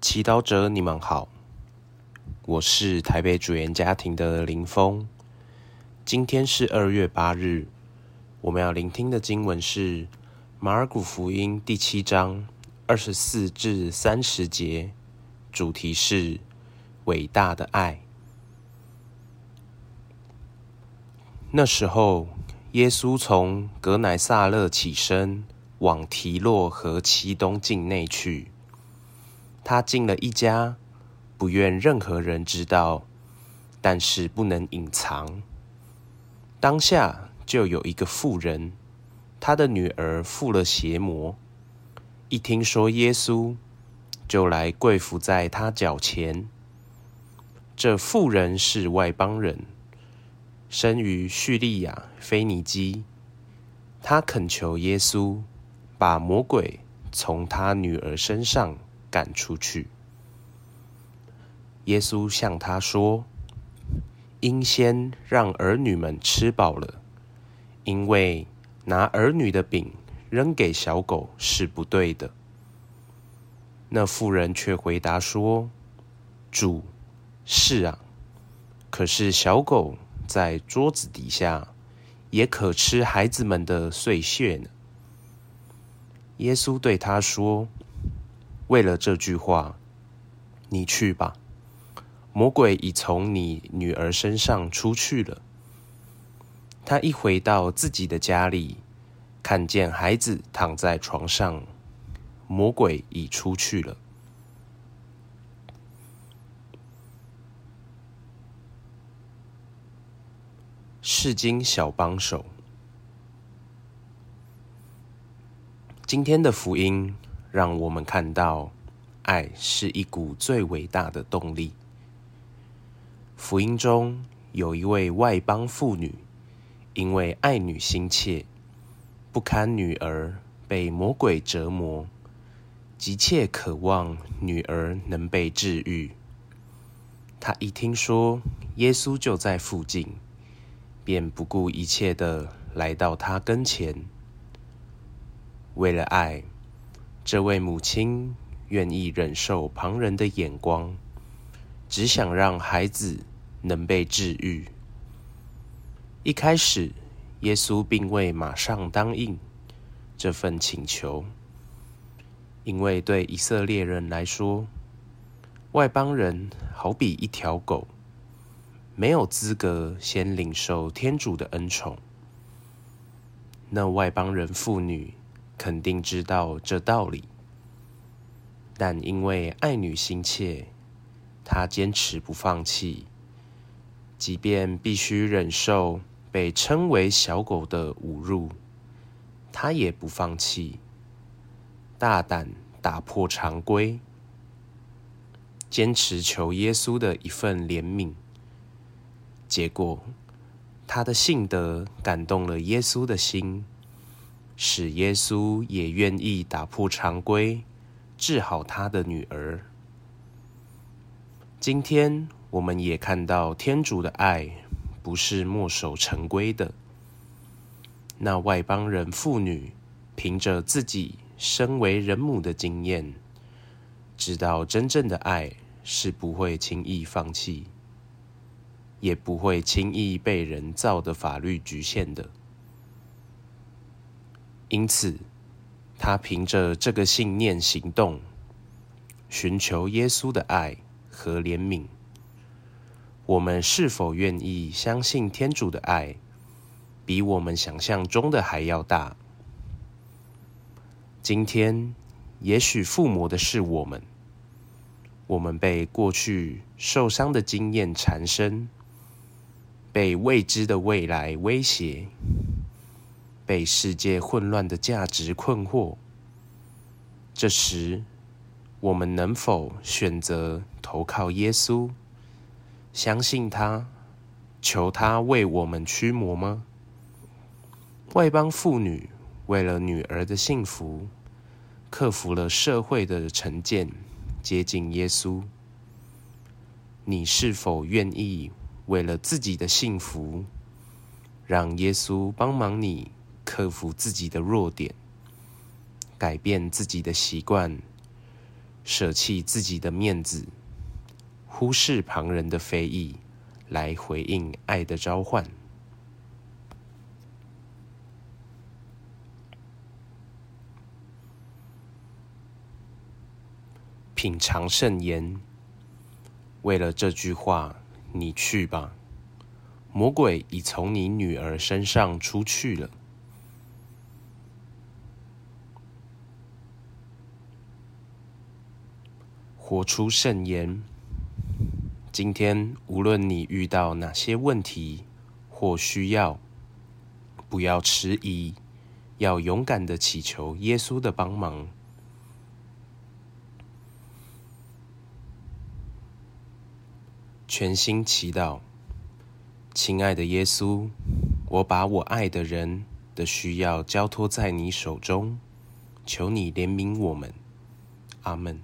祈禱者，你們好，我是台北主言家庭的林峰。今天是二月八日，我們要聆聽的經文是《馬爾谷福音》第七章二十四至三十節，主題是偉大的愛。那時候，耶穌從革乃撒勒起身，往提洛和漆冬境內去。他進了一家，不願任何人知道，但是不能隱藏。當下就有一個婦人，她的女兒附了邪魔。一聽說耶穌，就來跪伏在他腳前。這婦人是外邦人，生於敘利亞腓尼基。她懇求耶穌，把魔鬼從她女兒身上。趕出去！耶穌向他說：“應先讓兒女們吃飽了，因為拿兒女的餅扔給小狗是不對的。”那婦人卻回答說：“主，是啊，可是小狗在桌子底下也可吃孩子們的碎屑呢。”耶穌對他說。為了這句話，你去吧！魔鬼已從你女兒身上出去了。她一回到自己的家裡，看見孩子躺在床上，魔鬼已出去了。釋經小幫手，今天的福音，讓我們看到，愛是一股最偉大的動力。福音中有一位外邦婦女，因為愛女心切，不堪女兒被魔鬼折磨，急切渴望女兒能被治癒。她一聽說耶穌就在附近，便不顧一切的來到他跟前。為了愛。這位母親願意忍受旁人的眼光，只想讓孩子能被治癒。一開始，耶穌並未馬上答應這份請求，因為對以色列人來說，外邦人好比一條狗，沒有資格先領受天主的恩寵。那外邦人婦女。肯定知道這道理，但因為愛女心切，她堅持不放棄，即便必須忍受被稱為“小狗”的侮辱，她也不放棄，大膽打破常規，堅持求耶穌的一份憐憫。結果，她的信德感動了耶穌的心。使耶穌也願意打破常規，治好他的女兒。今天我們也看到，天主的愛不是墨守成規的。那外邦人婦女憑着自己身為人母的經驗，知道真正的愛是不會輕易放棄，也不會輕易被人造的法律局限的。因此，他憑着這個信念行動，尋求耶穌的愛和憐憫。我們是否願意相信天主的愛比我們想象中的還要大？今天，也許附魔的是我們，我們被過去受傷的經驗纏身，被未知的未來威脅。被世界混亂的價值困惑，這時我們能否選擇投靠耶穌，相信他，求他為我們驅魔嗎？外邦婦女為了女兒的幸福，克服了社會的成見，接近耶穌。你是否願意為了自己的幸福，讓耶穌幫忙你？克服自己的弱點，改變自己的習慣，捨棄自己的面子，忽視旁人的非議，來回應愛的召喚。品嚐聖言。為了這句話，你去吧。魔鬼已從你女兒身上出去了。活出聖言。今天，無論你遇到哪些問題或需要，不要遲疑，要勇敢的祈求耶穌的幫忙。全心祈禱，親愛的耶穌，我把我愛的人的需要交託在你手中，求你憐憫我們。阿們。